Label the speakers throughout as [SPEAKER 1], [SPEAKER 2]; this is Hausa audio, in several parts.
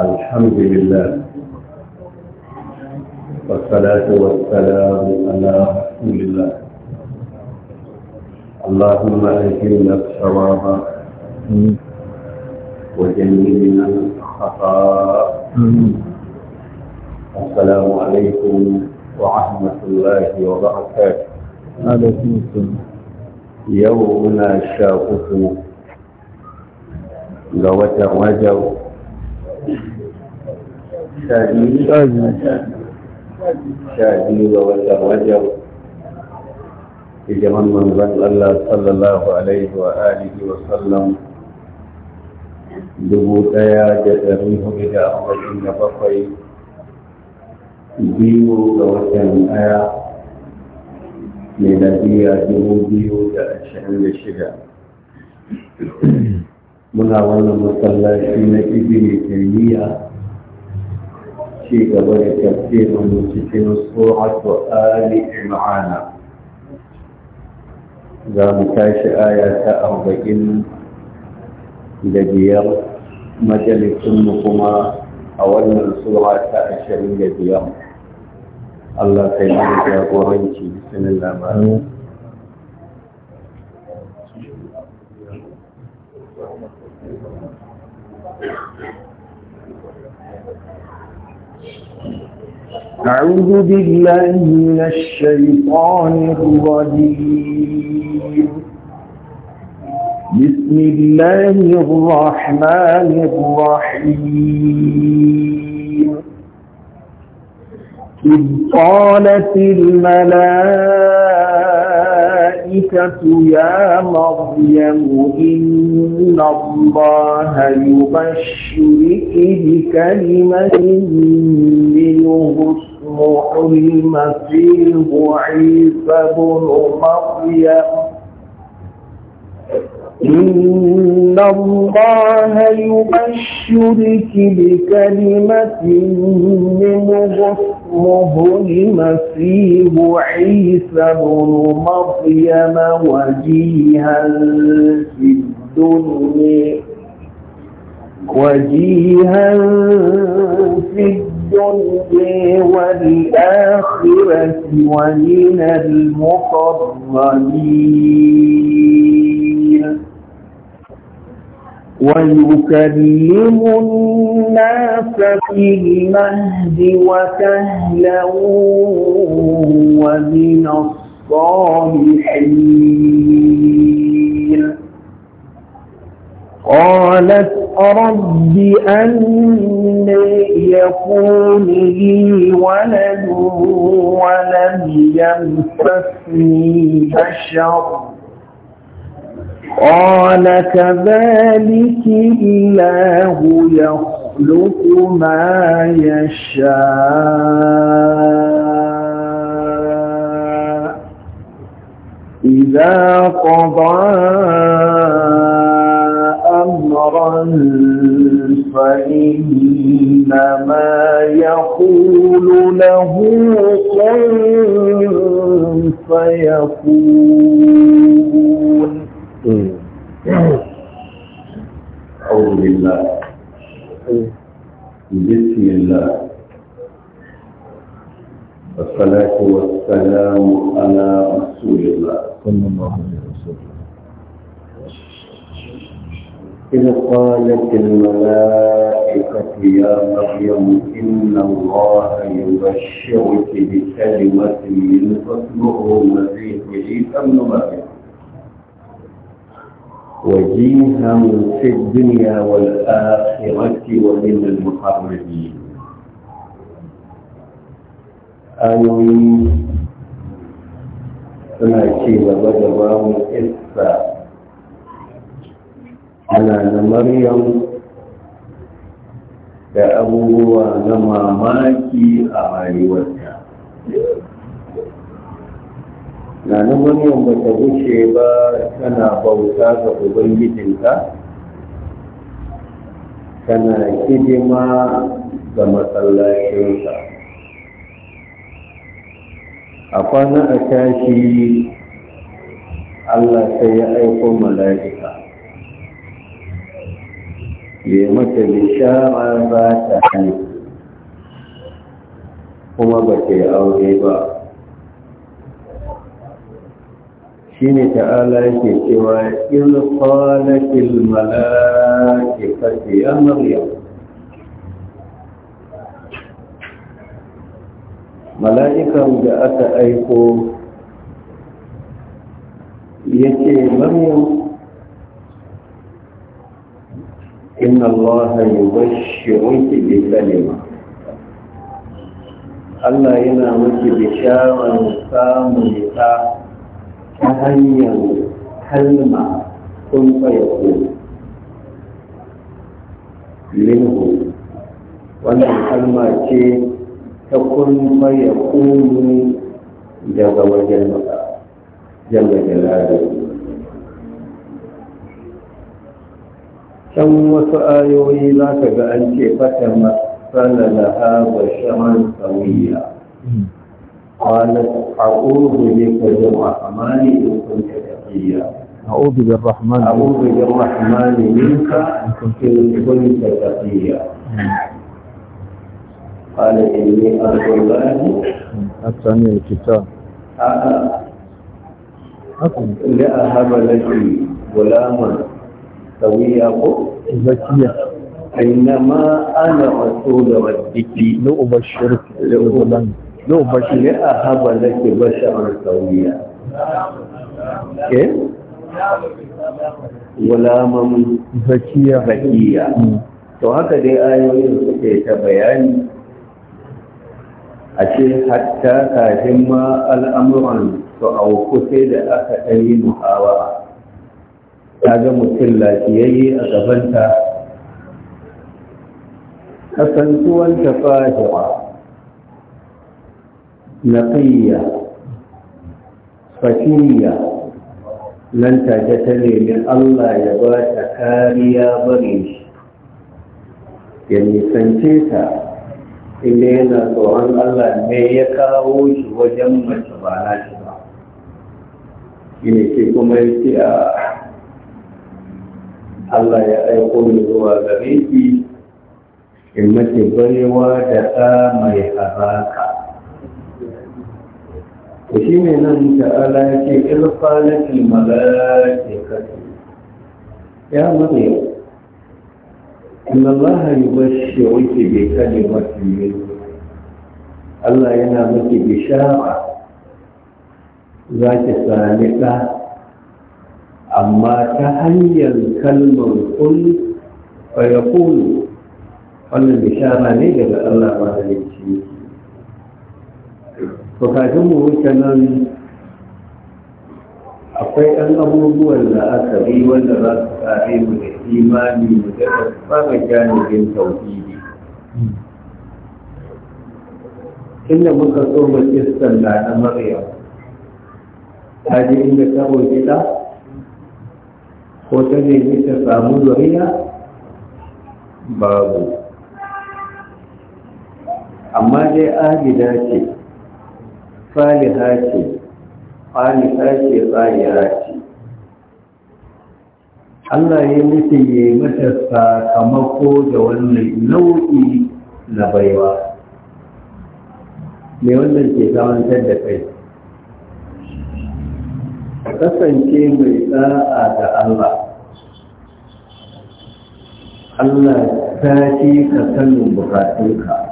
[SPEAKER 1] الحمد لله والصلاة والسلام على رسول الله اللهم أجلنا الصواب وجنبنا الخطأ السلام عليكم ورحمة الله وبركاته عليكم السلام يومنا شاقه لو وجو sha biyu ga watan wajen hijiman manzon Allah sallallahu alaihi wa alihi wa sallam dubu ɗaya da ɗari hudu da arba'in da bakwai biyu ga watan ɗaya mai dubu biyu da ashirin da shida muna wannan masallaci na ibini taymiya ci gaba da mu cikin suratu ali imran za mu tashi aya ta arba'in da biyar majalisunmu kuma a wannan sura ta ashirin da biyar Allah kai mu jagoranci labarin.
[SPEAKER 2] أعوذ بالله من الشيطان الرجيم بسم الله الرحمن الرحيم إذ قالت الملائكة الملائكة يا مريم إن الله يبشرك بكلمة منه اسمه المسيح عيسى بن مريم إن الله يبشرك بكلمة من غصمه المسيح عيسى بن مريم وجيها في الدنيا وجيها في الدنيا والآخرة ومن المقربين ويكلم الناس في المهد وكهلا ومن الصالحين قالت رب أن يكون لي ولد ولم يمسسني بشر قال كذلك الله يخلق ما يشاء إذا قضى أمرا فإنما يقول له قل فيقول
[SPEAKER 1] إيه. أعوذ بالله بسم الله والصلاة والسلام على رسول الله صلى الله عليه وسلم إذ قالت الملائكة يا مريم إن الله يبشرك بكلمة من اسمه المسيح عيسى ابن مريم وجيها في الدنيا والآخرة ومن المقربين آمين suna ce gaba da bamu isa ana na maryam da abubuwa na mamaki a rayuwarsa na nan maryam ba ta wuce ba tana bauta ga ubangijinta tana hidima ga matsalashinsa a kwana a tashi allah sai ya aiko mala'ika ya mata bishara za ta haihu kuma ba ta yi aure ba شيني تعالى يشيكي وإن قالت الملائكة يا مريم ملائكة جاءت أيكم يشي مريم إن الله يبشرك بكلمة الله ينعمك بشارة مستام لتاحة ta hanyar kalma kun fayaku minhu wannan kalma ce ta kun fayaku daga wajen maka jalla jalaluhu can wasu ayoyi za ka ga an ce fata matsala da haɓa shaman sauya hmm. قالت أعوذ بك بالرحمن إن كنت تقيا
[SPEAKER 2] أعوذ بالرحمن أعوذ بالرحمن منك إن كنت
[SPEAKER 1] تقيا قال إني أرجو الله أتاني الكتاب لا هب لك غلاما سويا زكيا إنما أنا رسول ربك لأبشرك لأبشرك no ba shi ne a haɓa da ke bashar sauriya eh gulaman zakiya bakiya to haka dai ayoyin suke ta bayani a ce hatta kafin ma al'amuran su auku sai da aka ɗari muhawa ta ga mutum lafiyayye a gabanta kasantuwan ta fahimta Na'ayya, فتية nan take ta nemi Allah ya ba ta kariya bare shi ya nisance ta inda yana tsoron Allah ne ya kawo shi wajen mace ba na shi ba shine kuma yake a Allah ya aiko ni zuwa gare shi. in mace barewa da ɗa mai haraka to shi ne nan ta'ala ya ce malaki kasu ya yi inna Allah bai kane kalimatin yi Allah yana miki bishara za ki sami ɗa amma ta hanyar kalmar kun fa wannan bishara ne daga Allah ba mahalicci to kafin mu wuce nan akwai ɗan abubuwan da aka yi wanda za su kare mu da imani mu da fara janibin tauhidi inda muka so mu iskan na na maryam ta je inda ta roƙi ta ko ta nemi ta samu zuriya babu amma dai agida ce salihati qanitati ce. Allah ya nufi ya mata sakamako da wannan nau'i na baiwa me wannan ke zamantar da kai kasance mai tsara da Allah Allah ta ce ka sanin bukatunka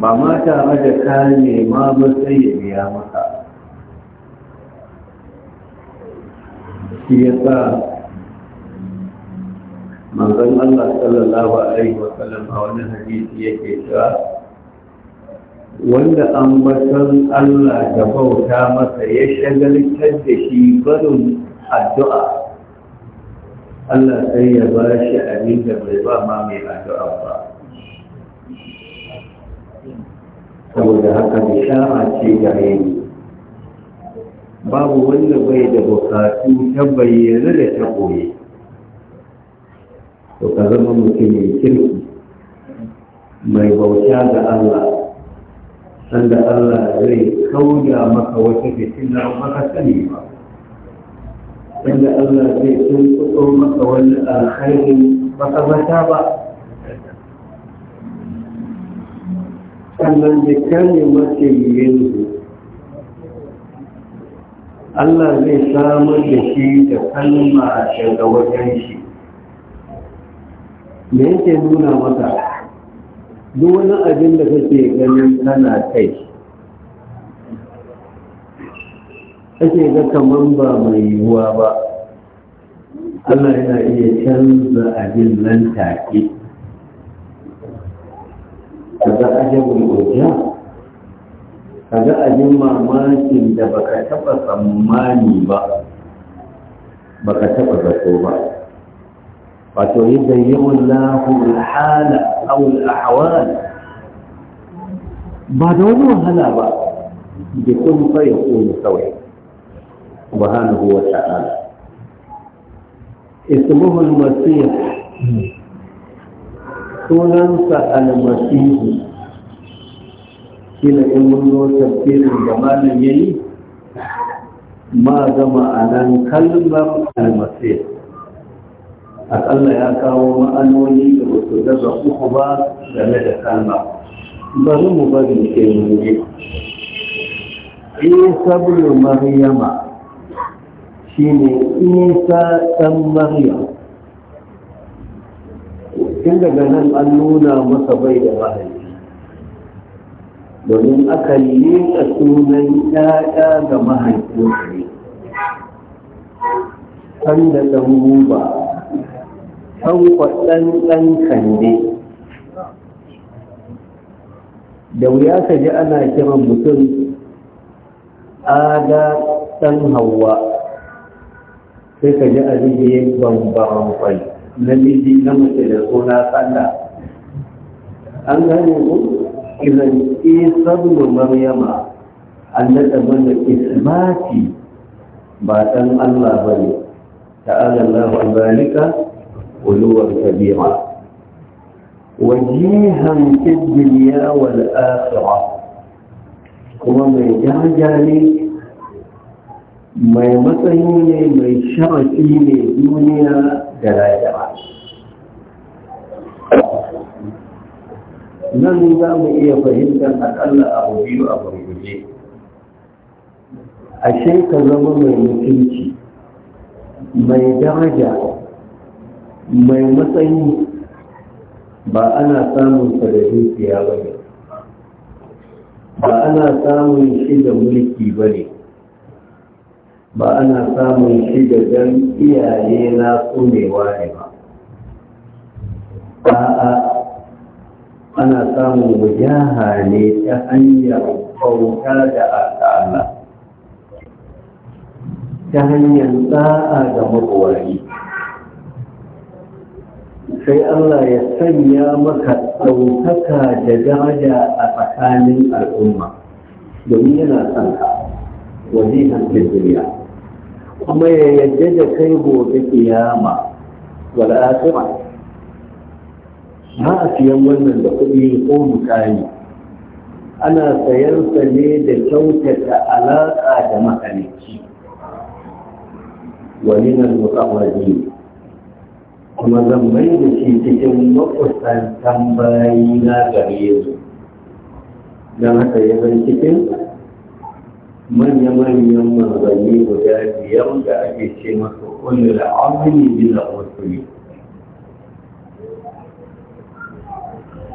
[SPEAKER 1] ba ma tare da ka nema ba sai ya biya maka shi ya sa manzon Allah sallallahu alaihi wa sallam a wani hadisi yake cewa wanda an batan Allah da bauta masa ya shagaltar da shi barin addu'a Allah sai ya ba shi abin da bai ba ma mai addu'a ba. saboda haka sha'a ce gare ni babu wanda bai da bukatu ta bayyana da ta koye to ka zama mutum mai kirki mai bauta ga Allah sanda Allah zai kauya maka wata fitina maka sani ba sanda Allah zai tuntuɓo maka wani alkhairin baka mata ba sannan da mace yanzu Allah zai samar da shi da kalma daga wajen shi me yake nuna mata duk wani abin da kake ganin tana kai kake ga kamar ba mai yiwuwa ba Allah yana iya canza abin nan take kaga ajabul uja kaga ajin mamakin da baka taba tsammani ba baka taba zato ba wato yadda yi wallahu hala aw alahwal ba da wani wahala ba da kun fara ya kuma kawai subhanahu wa ta'ala ismuhu al-masih hmm. sunansa almasihu kila in mun zo tafsirin da malam ma gama anan kalmar almasih akalla ya kawo ma'anoni da wasu daga uku ba game da kalma bari mu bari ke mu je isa bin maryama shine isa dan maryam tun daga nan an nuna masa bai da mahaifi domin aka a sunan yaya ga mahaifinsa ne kan da ɗan guba kan kwaɗan ɗan kande da wuya ka ji ana kiran mutum ga ɗan hawa sai ka ji a bambam kwai Na miji na mace da suna sallah an gane ku idan isar da maryama an daɗa mana ismati ba ɗan allah ba ne ta'ala allah an zalika uluwar kabira وجيها في الدنيا والآخرة kuma mai jajane mai matsayi ne mai sharafi ne duniya da rayuwa nan za mu iya fahimtar akalla abu biyu a gurguje ashe ka zama mai mutunci mai daraja mai matsayi ba ana samun sa da dukiya ba ne ba ana samun shi da mulki ba ne ba ana samun shi da dan iyaye na tsumewa ne ba a'a ana samun mujaha ne ta hanyar bauta da Allah ta hanyar sa'a ga mabuwari sai Allah ya sanya maka ɗaukaka da daraja a tsakanin al'umma domin yana son wazihan fi kuma ya yadda da kai gobe kiyama wal akhirah ba a wannan da kuɗi ko mutane ana sayan sa ne da kyautata alaƙa da makalici wani nan mutawari kuma zan mai da shi cikin makusantan bayina gare su don haka ya zan cikin manya-manyan manzanni guda biyar da ake ce masa kullum al'amuni bila wasuli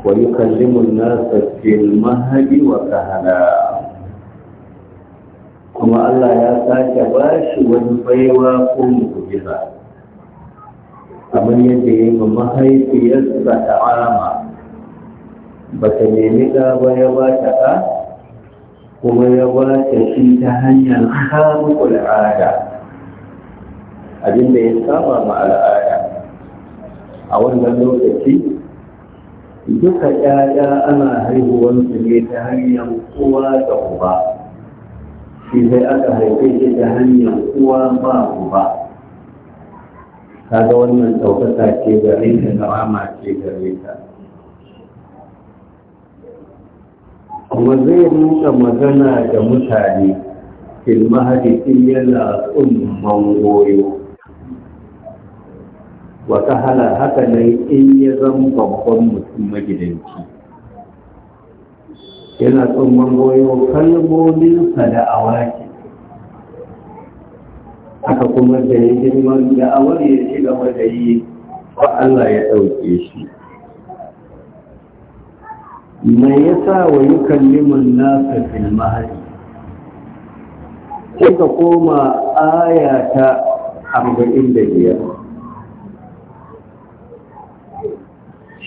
[SPEAKER 1] wani kallimun nasa fil mahadi wa kahala kuma Allah ya sake ba shi wani baiwa ko mu'jiza kamar yadda ya yi mahaifiyarsa ta'ama ba ta nemi ba ya ba ta ka kuma ya ta shi ta hanyar hamukul ada abinda ya saba ma al'ada a wannan lokaci duka 'ya'ya ana haihuwar su ne ta hanyar kowa da uba shi sai aka haife shi ta hanyar kowa ba uba kaga wannan ɗaukaka ce gare ta rahama ce gare ta kuma zai rinka magana da mutane fil mahadisin yana tsunman goyo wata hala haka nan in ya zama babban mutum magidanci yana tsumman goyo kalmominsa da awaki haka kuma da ya girman da awar ya ci gaba da Allah ya ɗauke shi me yasa wa kallimin nasa fil mahdi sai ka koma aya ta biyar.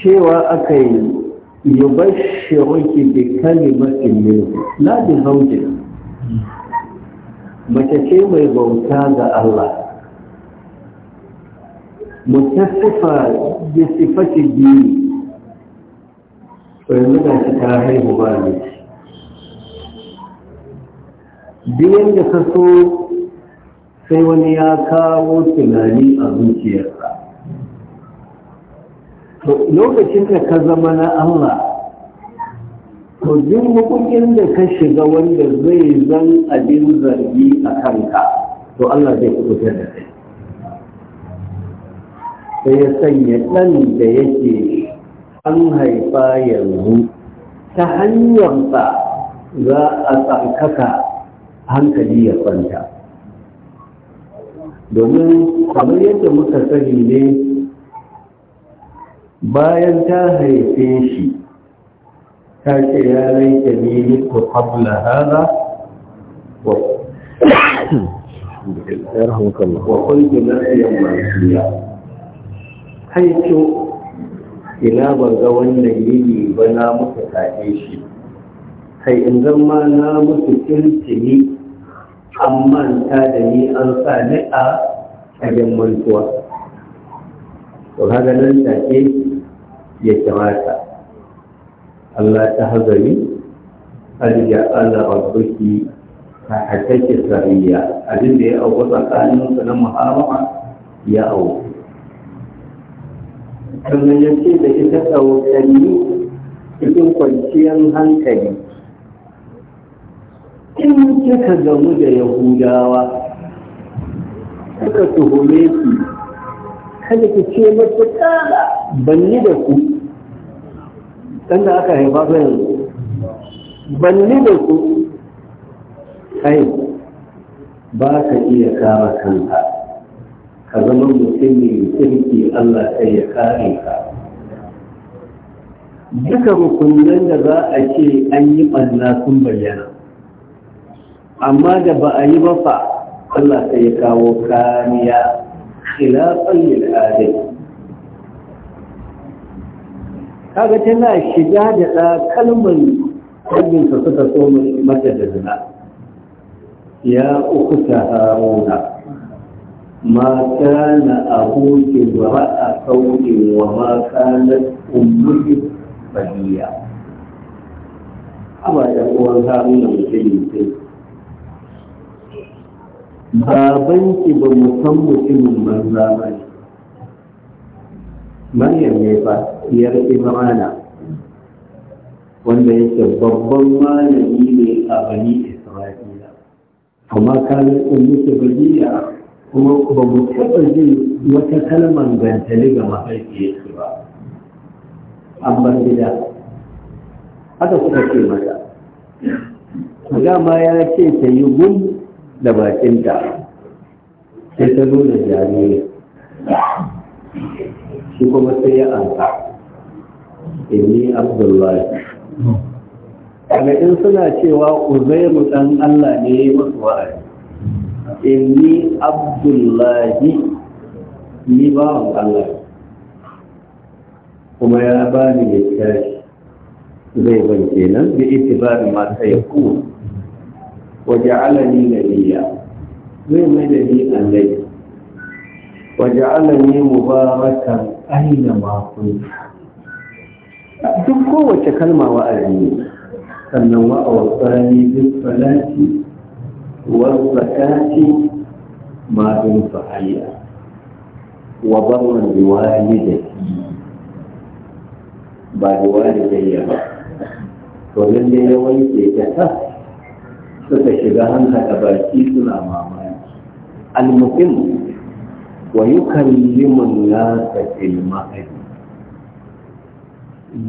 [SPEAKER 1] cewa aka yi yubashshiruki bi kalimatin la bi zawjin mace ce mai bauta ga Allah mutasifa bi sifati biyu. to ta haihu ba ne biyan da ka so sai wani ya kawo tunani a zuciyarsa to lokacin da ka zama na Allah to duk hukumin da ka shiga wanda zai zan abin zargi a kanka to Allah zai kubutar da kai sai ya sanya ɗan da yake an haifa yanzu ta hanyarsa za a tsarkaka hankali ya kwanta domin kamar yadda muka sani ne bayan ta haife shi ta ce ya ta nemi nito kwabla hada wa kwanke na masu ya haito ina ban ga wannan yini ba na muka tafe shi kai in zan ma na musu kirkini an manta da ni an sa ni a ƙagen mantuwa to haka nan take ya kamata Allah ta hazari Allah ala rabbuki ta hatake sariya abin da ya auku tsakaninsa na muharama ya auku sannan ya ce da ita tsawotanni cikin kwanciyar hankali
[SPEAKER 2] in kika
[SPEAKER 1] gamu da yahudawa suka tuhume su
[SPEAKER 2] kada ki ce masu ƙara.
[SPEAKER 1] banni da ku sanda da aka haifa yanzu. banni da ku kai ba ka iya kama kanka ka zama mutum mai kirki Allah sai ya kare ka duka rukunan da za a ce an yi ɓanna sun bayyana amma da ba a yi ba fa Allah sai ya kawo kariya khilafan lil adai kaga tana shiga da ɗa kalmar kalminsa suka so mata da zina ya uku ta haruna ما كان أبوك امرأ سوء وما كانت أمك بهيا أما يقول هارون مسلم babanki ba mu san mutumin banza ba ne maryam ne ba diyar imrana wanda yake babban malami ne a bani isra'ila amma kanin ummu ta bajiya kuma ba mu taɓa jin wata kalmar gantali ga mahaifiyarsu ba an bar gida haka suka ce mata dama ya ce ta yi gun da bakinta sai ta zo da jariri shi kuma sai ya anka inni abdullahi daga in suna cewa uzairu dan Allah ne ya yi masu wa'azi inni abdullahi ni bawan Allah kuma ya bani littafi zai ban kenan da itibari ma ta yaku wa ja'alani nabiyya zai mai da ni annabi wa ja'alani mubarakan aina ma kunta duk kowace kalma wa'azi sannan wa'awasani duk salati والزكاة ما إن فعل وبرا بوالدتي بعد والدي ومن يويتي كتب suka shiga hannaka baki suna mamaki almuhim wa yukallimun nasa fil ma'ad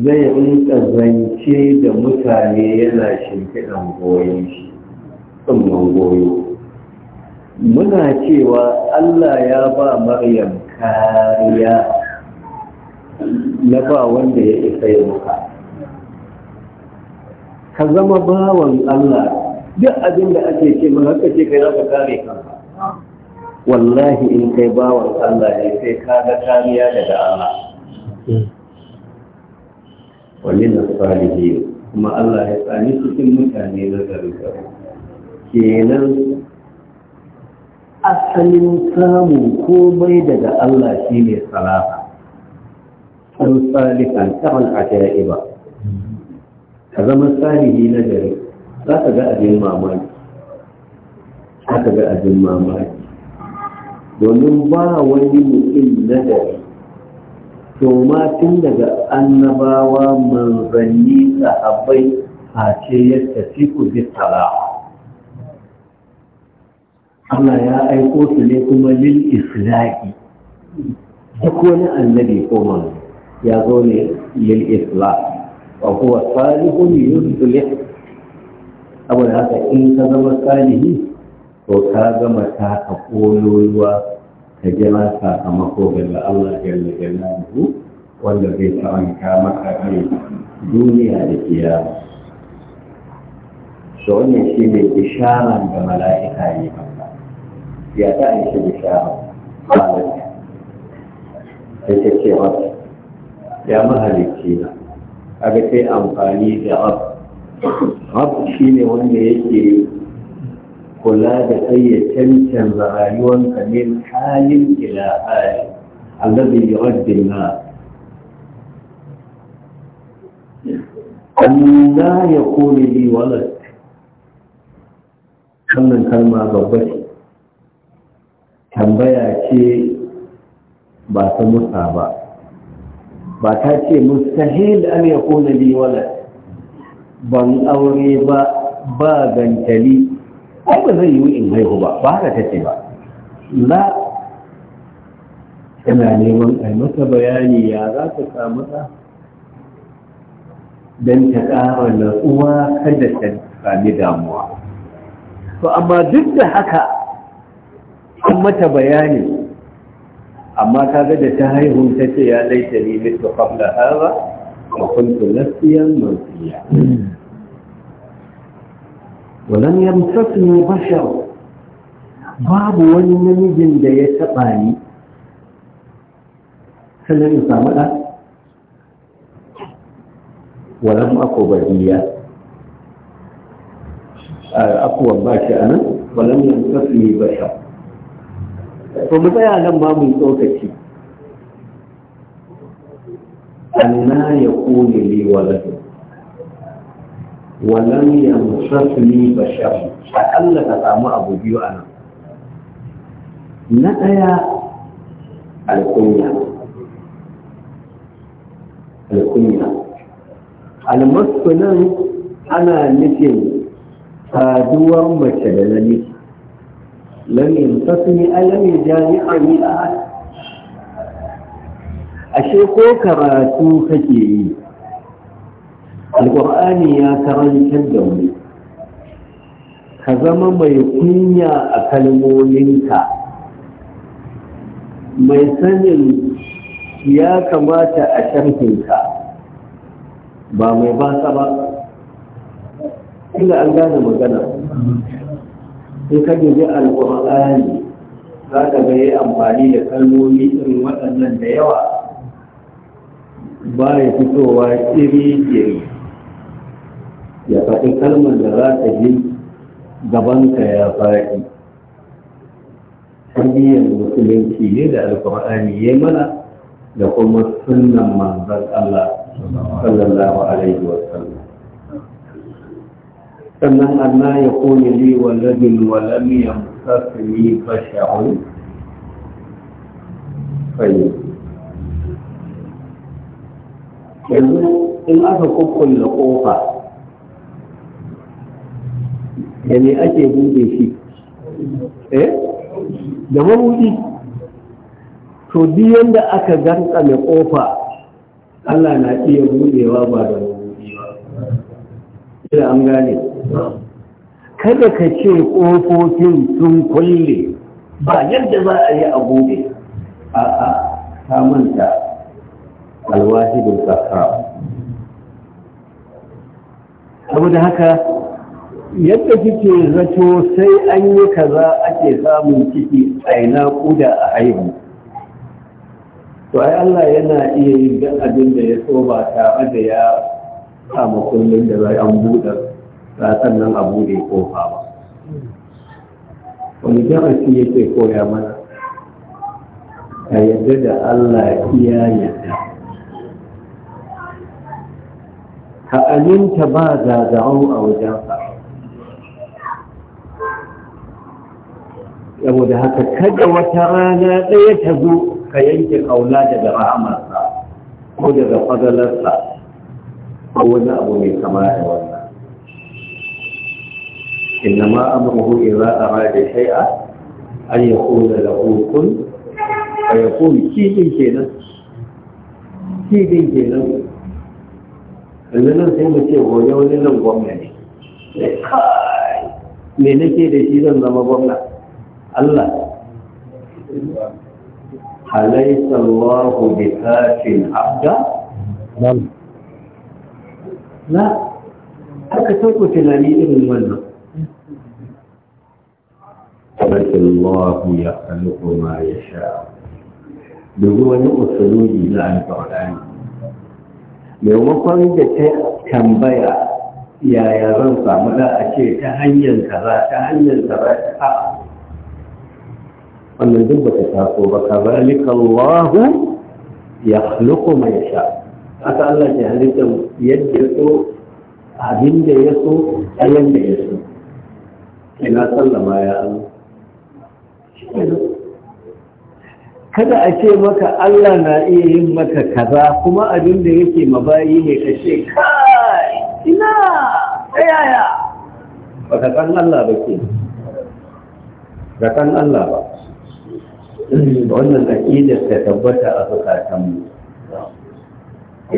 [SPEAKER 1] zai rinka zance da mutane yana shimfiɗan goyon shi tsumman goyo muna cewa Allah ya ba Maryam kariya na ba wanda ya isa ya muka ka zama bawan Allah duk abin da ake ce mun haka ce kai za ka kare kanka wallahi in kai bawan Allah ne sai ka ga kariya daga Allah wallin salihin kuma Allah ya tsani cikin mutane na garin kenan asalin samun komai daga Allah shi ne salaha an salihan kaman Ib'a. ka zama salihi na gari za ka ga abin mamaki za ka ga abin mamaki domin ba wani mutum na gari to ma tun daga annabawa manzanni sahabbai ce yadda fi ku bi salaha Allah ya aiko su ne kuma lil isra'i duk wani annabi ko manzo ya zo ne lil islah wa huwa salihun yuslih saboda haka in ka zama salihi to ka gama ta ka koyoyuwa ka jira sakamako daga Allah jalla jalaluhu wanda zai faranta maka rai duniya da kiyama shi wannan shine isharan da mala'ika yi ba ya ta an shi bishara malam da ta ce masa ya mahalicci na aga sai amfani da ab ab shi ne wanda yake kula da kai ya cancanza rayuwanka ne halin ila hali allazi yu'addin na an la yakuni li walad wannan kalma babba ce tambaya ce ba ta musa ba ba ta ce mustahil an ya kona li ban aure ba ba gantali ai ba zai yi in haihu ba ba haka ta ce ba la neman a bayani ya za ta samu ta don ta ƙara natsuwa kada ta sami damuwa to amma duk da haka an mata bayani amma kaga da ta haihu ta ce ya laita ni mitu qabla hadha wa kuntu nasiyan mansiya ولم ne بشر babu wani namijin da ya taɓa ni sannan ya samu ɗa walam ako bariya akuwan ba shi a nan walam yan ne bashar to mu tsaya nan ma mu tsokaci anna ya kone li ne ba shafi A akalla ka samu abu biyu a nan na ɗaya alkunya alkunya almasu nan ana nufin saduwar mace da namiji lam yamtasni alam yajani'ani ahad ashe ko karatu kake yi alqur'ani ya karantar da mu ka zama mai kunya a kalmominka mai sanin ya kamata a sharhinka ba mai basa ba ina an gane magana sai ka dubi alƙur'ani za ka ga yi amfani da kalmomi irin waɗannan da yawa ba ya fitowa iri-iri ya faɗi kalmar da za ta ji gabanka ya faɗi tarbiyyar musulunci ne da alƙur'ani ya mana da kuma sunan manzan Allah sallallahu alaihi wasallam sannan anna ya kone li waladin walam yamsasni basha'un fayi yanzu in aka kukkulle kofa da ne ake buɗe shi eh da mabuɗi to biyan da aka ganta mai kofa Allah na iya buɗewa ba da mabuɗi ba sai an gane kada ka ce ƙofofin sun kulle ba yadda za a yi a gobe a a samunta alwahidin sakara saboda haka yadda kike zato sai an yi kaza ake samun ciki a yi naƙuda a haihu to ai Allah yana iya yi duk abin da ya so ba tare da ya samu kullum da za a buɗe ba sannan a buɗe ƙofa ba wani darasi yake koya mana ka yarda da Allah iya yarda. ka aminta ba zaza'au a wajensa saboda haka kada wata rana ɗaya ta zo ka yanke ƙaula daga rahamarsa ko daga fadalarsa ko wani abu mai kama da wani إنما أمره إذا أراد شيئا أن يقول له كن فيقول كيدين كينا كيدين كينا لأننا سيمتي غوية ولنا غوامني me nake da shi zan zama gwamna Allah halaisa Allahu abda na aka sauko tunani irin wannan تبارك الله يخلق ما يشاء domin wani usuluji na alƙur'ani maimakon da ta tambaya yaya zan samu da a ce ta hanyar kaza ta hanyar kaza ta wannan duk ba ta taso ba ka zalika Allahu ya khluqu ma yasha haka Allah ke halitta yadda ya so abin da ya so a yanda ya so ina sallama ya Allah kada a ce maka Allah na iya yin maka kaza kuma abin da yake mabayi ne ka ce
[SPEAKER 2] kai ina tsayaya
[SPEAKER 1] ba ka san Allah ba ke ba san Allah ba wannan aƙidar ta tabbata a zukatanmu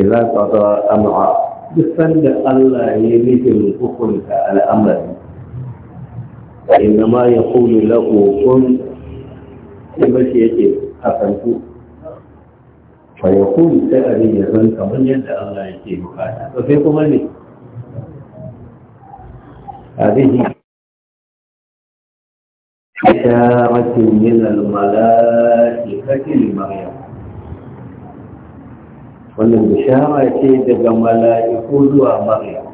[SPEAKER 1] idza qada am'a duk sanda Allah ya yi nufin hukunta al'amari inna ma yaqulu lahu kun sai bashi yake kasantu fa ya kuma sai a ya zan kamar yadda Allah yake bukata to sai kuma ne هذه إشارة malaki
[SPEAKER 2] الملائكة لمريم
[SPEAKER 1] wannan bishara ce daga mala'iku zuwa Maryam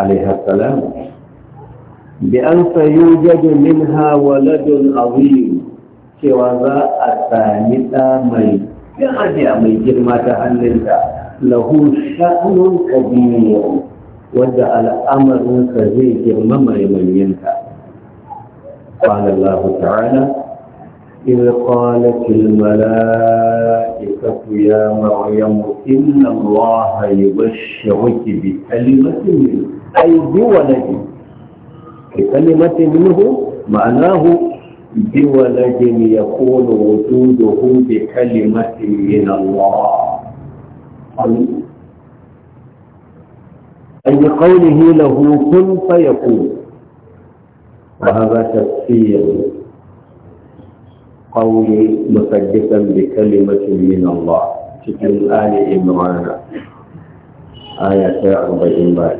[SPEAKER 1] alaihassalam bi an sayu jadu min hawaladun azim cewa za a sami ɗa mai daraja mai girma ta hannunta lahu sha'anun kabiliyar wanda al'amarinka zai girma mai manyanta قال الله تعالى إذ قالت الملائكة يا مريم إن الله يبشرك بكلمة منه أي بولد بكلمة منه معناه بولد يكون وجوده بكلمة من الله أي بقوله له كن فيكون وهذا تفسير قول مصدقا بكلمة من الله شكل آل عمران آية 40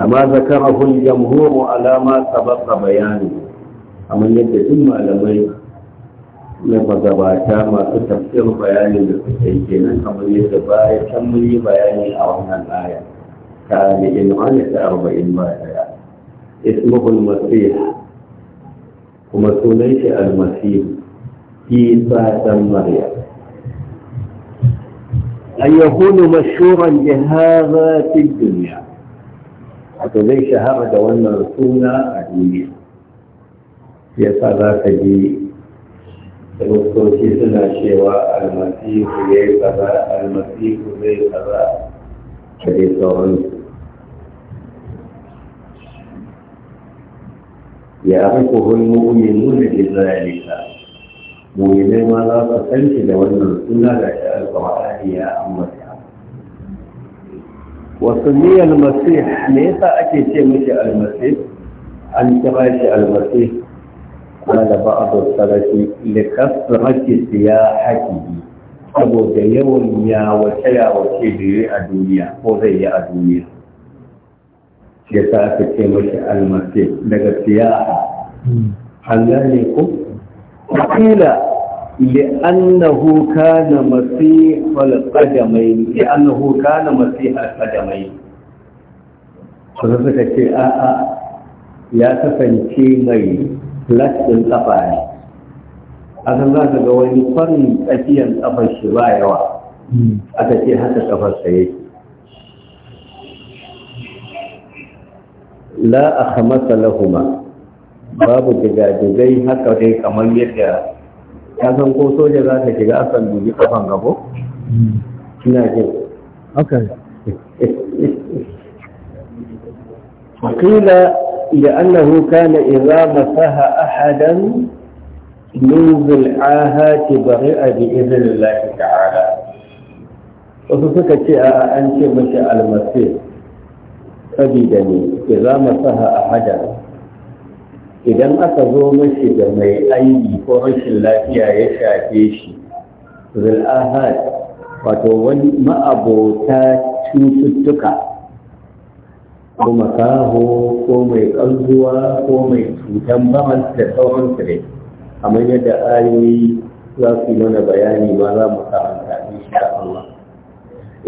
[SPEAKER 1] أما ذكره الجمهور على ما سبق بيانه kamar yadda duk malamai na magabata masu tafiyar bayanin da suka yi kenan kamar yadda baya can mun yi bayani a wannan aya ta in ana ta arba'in ba daya ismuhul masih kuma sunan shi almasih isa dan maryam an yakunu mashhuran bi hadha fi dunya wato zai shahara da wannan suna a duniya ya sa za ka ji kiristoci suna cewa almasihu ya yi kaza almasihu zai kaza da dai sauransu ya za a bi zalika mu'minai ma za su san shi da wannan suna da shi alqur'ani ya ambata wa sunni almasih me yasa ake ce mishi almasih an kira shi almasih قال بعض السلف لكثرة سياحته saboda yawan yawace yawace da yi a duniya ko zai yi a duniya shi yasa aka ce almasi daga siyaha an gane ko kila li'annahu kana masihal qadamai li'annahu kana masihal qadamai ce a'a ya kasance mai ɗin ƙafa ne akan za ka ga wani kwarin tsakiyar ƙafar shi ba yawa aka ce haka ƙafarsa yake la a hamasa lahuma babu jigajigai haka dai kamar yadda ya san ko soja za ka shiga akan dubi kafan gabo? ina jin okay wakila لأنه كان إذا مسح أحدا من ذي العاهات برئ بإذن الله تعالى وسوسك شيء أنت مشى المسيح فبدني إذا مسح أحدا idan aka zo mashi da mai aiki ko rashin lafiya ya shafe shi zul'ahad wato wani ma'abota cututtuka ko makaho ko mai ƙanzuwa ko mai cutan bahal da sauran su kamar yadda ayoyi za su yi mana bayani ma za mu karanta insha Allah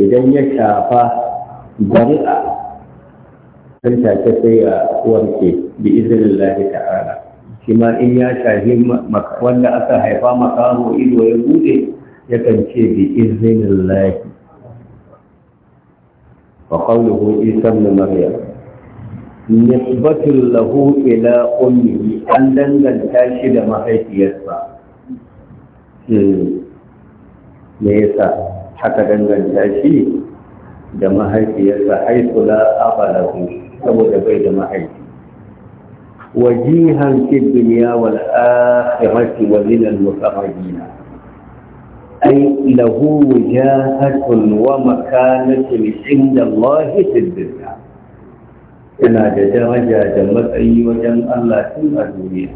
[SPEAKER 1] idan ya shafa bari'a dan take sai a warke bi ta'ala shi ma in ya shafi wanda aka haifa makaho ido ya bude yakan ce bi iznillahi وقوله عيسى بن مريم نسبة له إلى أمه أن دنجل تاشد ما هي يسا ليس حتى دنجل تاشي da mahaifiyarsa haisu la abalahu saboda bai da mahaifi wajihan fi dunya wal akhirati wa lil أي له وجاهة ومكانة عند الله في الدنيا yana da daraja da matsayi wajen Allah tun a duniya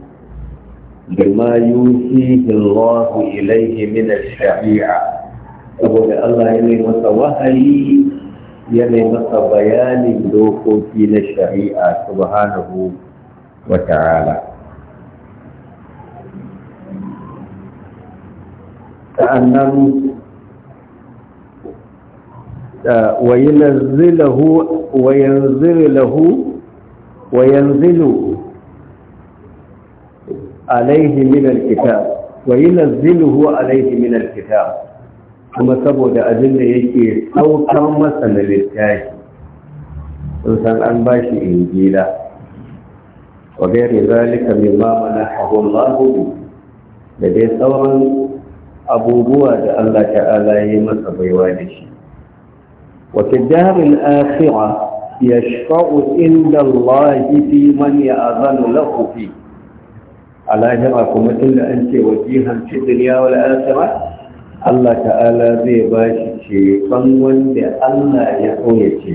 [SPEAKER 1] bima yusihi Allahu ilaihi min ash-shari'a saboda Allah ya yi masa wahayi ya yi masa bayanin dokoki na shari'a subhanahu wa ta'ala sa'annan eh, wa yanzilahu wa yanzilahu wa yanzilu alaihi min alkitab wa yanziluhu alaihi min alkitab kuma saboda abin da yake saukar masa na littafi sun san an shi injila wa gairi zalika mimma manahahu Allah da dai sauran abubuwa da Allah ta'ala ya masa baiwa da shi Wata fi daril ya yashfa'u inda Allah fi man ya'zanu lahu fi alahira kuma inda an ce wajihan fi dunya wal Allah ta'ala zai ba shi wanda Allah ya so ya ce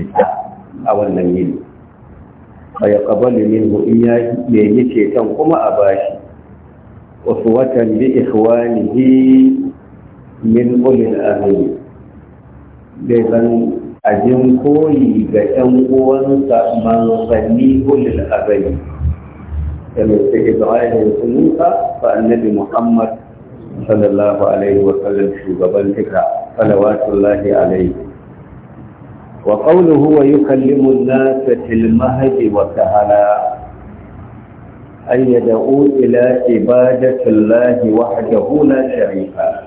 [SPEAKER 1] a wannan yini fa yaqbalu ya yi ceton kuma a bashi أسوة لإخوانه من أولي الأمر لمن أجن كوي بأن أنت من غنيه للأبي كما استجدعائه سنوسا فالنبي محمد صلى الله عليه وسلم شغبا فكرة صلوات الله عليه وقوله ويكلم الناس في المهد وكهلا أن يدعو إلى عبادة الله وحده لا شريك له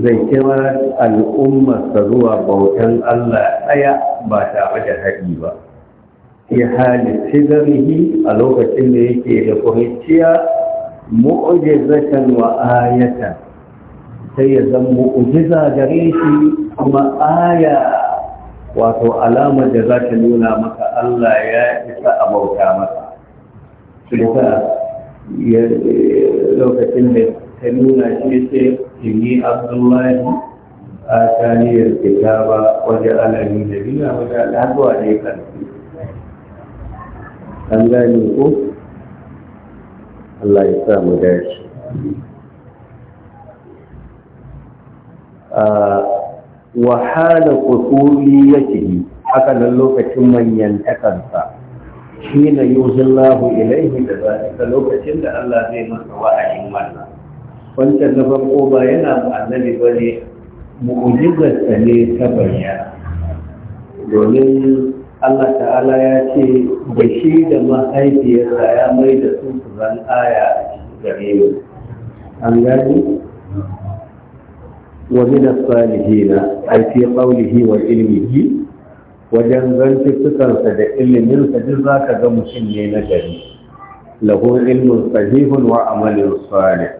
[SPEAKER 1] zai kira al'umma su zuwa bautan Allah ɗaya ba tare da haɗi ba Ya hali sigarihi a lokacin da yake da kuriciya mu'jizatan wa ayatan sai ya zan mu'jiza gare shi kuma aya wato alamar da za ta nuna maka Allah ya isa a bauta maka. shi ya lokacin da ta nuna shi ce inni abdullahi a taniyar ba waje alami da biya waje alhazuwa ne karfi an gani ko Allah ya sa mu dace wahala kusuri yake haka nan lokacin manyan takansa shi na yuzin lahu ilaihi da zalika lokacin da Allah zai masa wa'ayin wannan wancan na farko ba yana annabi ba ne mu'ujizarsa ne ta bayyana domin Allah ta'ala ya ce da shi da mahaifiyarsa ya mai da su zan aya a cikin an gani wa min as-salihin ay fi qawlihi wa ilmihi wajen zantukansa da iliminsa duk za ka ga mutum ne na gari lahu ilmin sahihun wa amalin salih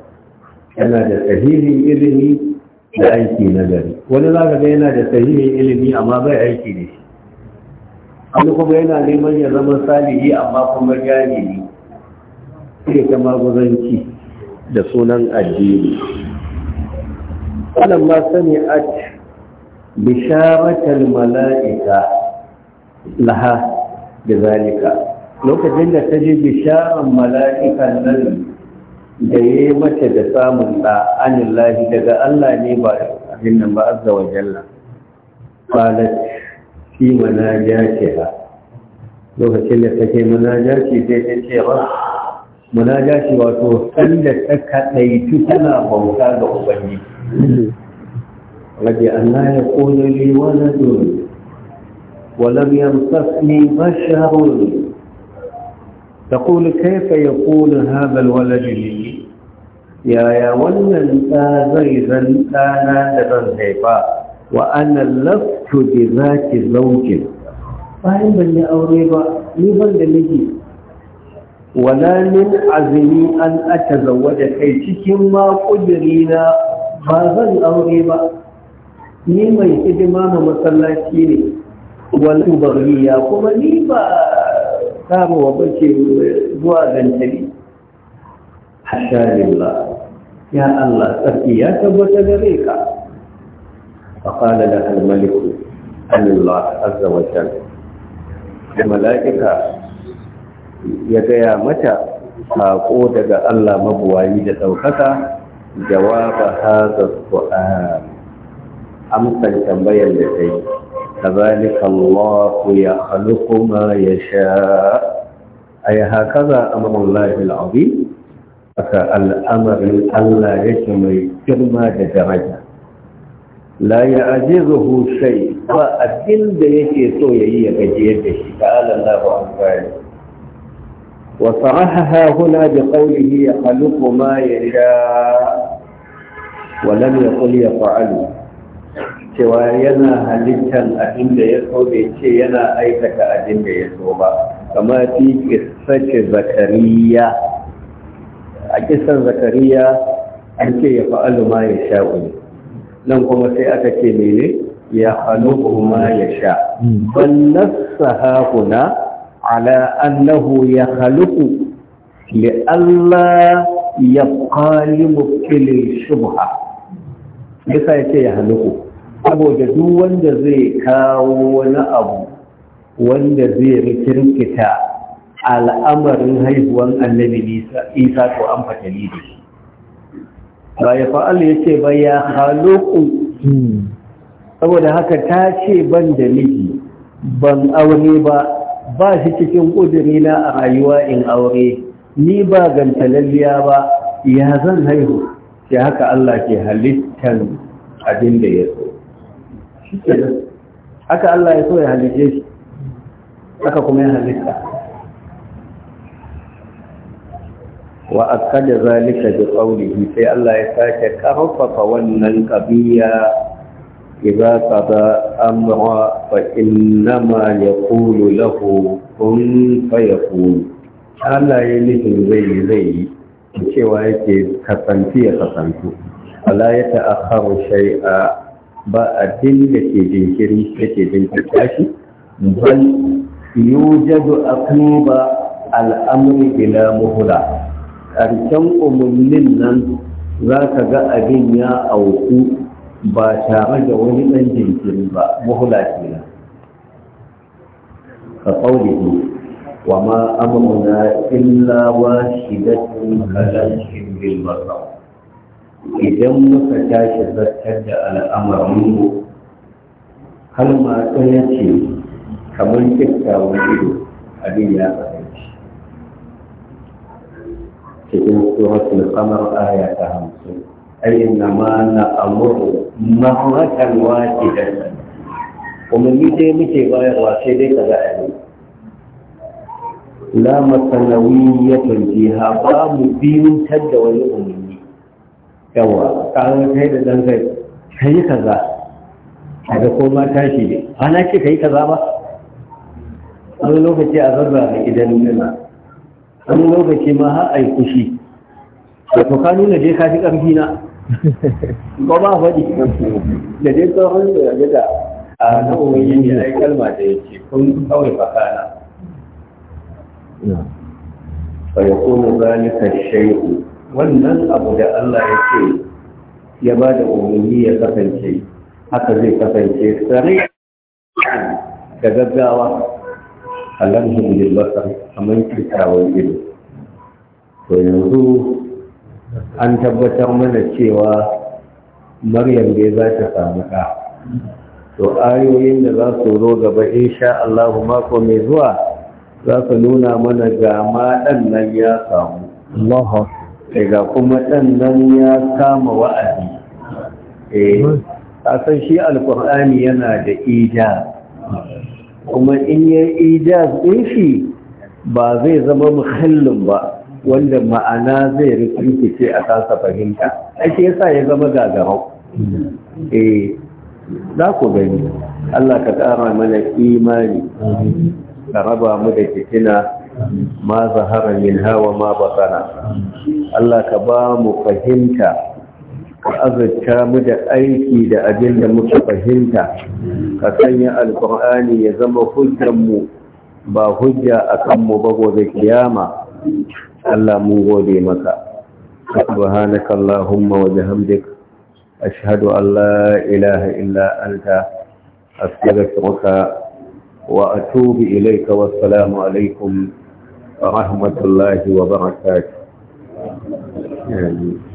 [SPEAKER 1] yana da sahihin ilimi da aiki na gari wani za ka ga yana da sahihin ilimi amma bai aiki da shi wani kuma yana neman ya zama salihi amma kuma jahili sai ta maguzanci da sunan addini wannan ma sani a bisharatar mala'ika laha da zalika lokacin da ta ji bisharar mala'ikan nan da ya yi mace da samun ɗa'anin lahi daga Allah ne ba da abin nan ba azza wa jalla qalat fi munajatiha lokacin da take munajati sai ta ce ba jace wato sanda ta kaɗaitu tana bauta ga ubangiji mm-hmm. Rabi Allah ya kone li waladun ولم ينصفني بشر تقول كيف يقول هذا الولد لي يا يا ولن آذيذا أنا لبن وأنا لست بذات زوج فهم بني أوريبا لبن لمجي ولا من عزمي أن أتزوج كي ما قدرينا ما زن أوريبا ni mai hidima wani ubarniya kuma ni ba samu wa bace zuwa zantari hasha ya Allah tsarki ya tabbata gare ka a kada da almaliku allah azza wa shan da mala'ika ya gaya mata saƙo daga allah mabuwayi da ɗaukaka jawaba haza su amsan tambayar da ta yi كذلك الله يخلق ما يشاء أي هكذا أمر الله العظيم فالأمر ألا يكمل كما درجة لا يعجزه شيء فأكل ديك سوية بجيده تعالى الله عن ذلك وصرحها هنا بقوله يخلق ما يشاء ولم يقل يفعل cewa yana halittar abin da ya so bai ce yana aikata abin da ya so ba kamar fi kisace zakariya a kisan zakariya an ce ya fa'alu ma ya sha'u nan kuma sai aka ce mene ya halu ma ya sha wannan sahahuna ala annahu ya halu haluku Allah ya ƙali mukilin shubha bisa ya ce ya haluku saboda duk wanda zai kawo wani abu wanda zai rikirkita al'amarin haihuwan annabi isa to an fatali da shi ba ya fa'al ya ce ba ya haloku saboda haka ta ce ban da miji ban aure ba ba shi cikin na a rayuwa in aure ni ba gantalalliya ba ya zan haihu sai haka Allah ke halittan abin da ya so shi haka Allah ya so ya halice shi haka kuma ya halitta wa akada zalika bi qawlihi sai Allah ya sake karfafa wannan kabiya idza qada amra fa ya yaqulu lahu kun fayakun Allah ya nufi zai zai cewa yake kasance ya kasance Allah ya kawo shay'a ba abin da ke jinkiri yake jinkirta shi bal yujadu aqiba al-amri bila muhla karshen umarnin nan za ka ga abin ya auku ba tare da wani ɗan jinkiri ba muhla kenan ka ƙaunihi wa ma amurna illa wa shidatun kalashin bil basar idan muka tashi zartar da al'amarinmu kalma ɗaya ce kamar kyakkyawan ido abin ya fahimci cikin suratul qamar aya ta hamsin ai na ma na amuru mahmatan wahidatan umarni dai muke bayarwa sai dai kaga abin la masanawiyatun jiha babu biyun tadda wani umarni yawa ka an kai da dan kai kai kaza kaga ko ma tashi ne na ce kai kaza ba wani lokaci a zarra a gidan nuna wani lokaci ma har yi kushi da to ka nuna dai ka fi ƙarfi na ba ba faɗi da dai tsohon da yaje da a na'urin yin ya ai kalma da ya ce kun kawai fakana fa yakunu zalika shay'un wannan abu da Allah ya ce ya ba da umarni ya kasance haka zai kasance sare da gaggawa alhamdulillah kamar kyakkyawar ido to yanzu an tabbatar mana cewa maryam dai za ta samu ɗa to ayoyin da za su zo gaba in sha Allahu mako mai zuwa za su nuna mana ga ma ɗan nan ya samu Allah Eh, ga kuma ɗan nan ya kama wa'azi eh, a san shi alkur'ani yana da ija kuma in yi ija ɗin shi ba zai zama muhallin ba wanda ma'ana zai rikice a kasa fahimta ake yasa ya zama gagarau eh za ku gani Allah ka ƙara mana imani ka raba mu da fitina ma zahara min hawa ma batana Allah ka ba mu fahimta ka azurta mu da aiki da abin da muka fahimta ka sanya alkur'ani ya zama mu ba hujja a kanmu ba gobe kiyama Allah mun gode maka subhanaka allahumma wa bihamdika ashhadu an la ilaha illa anta astaghfiruka wa atubu ilayka wassalamu alaikum
[SPEAKER 2] wa rahmatullahi wa barakatuh 一。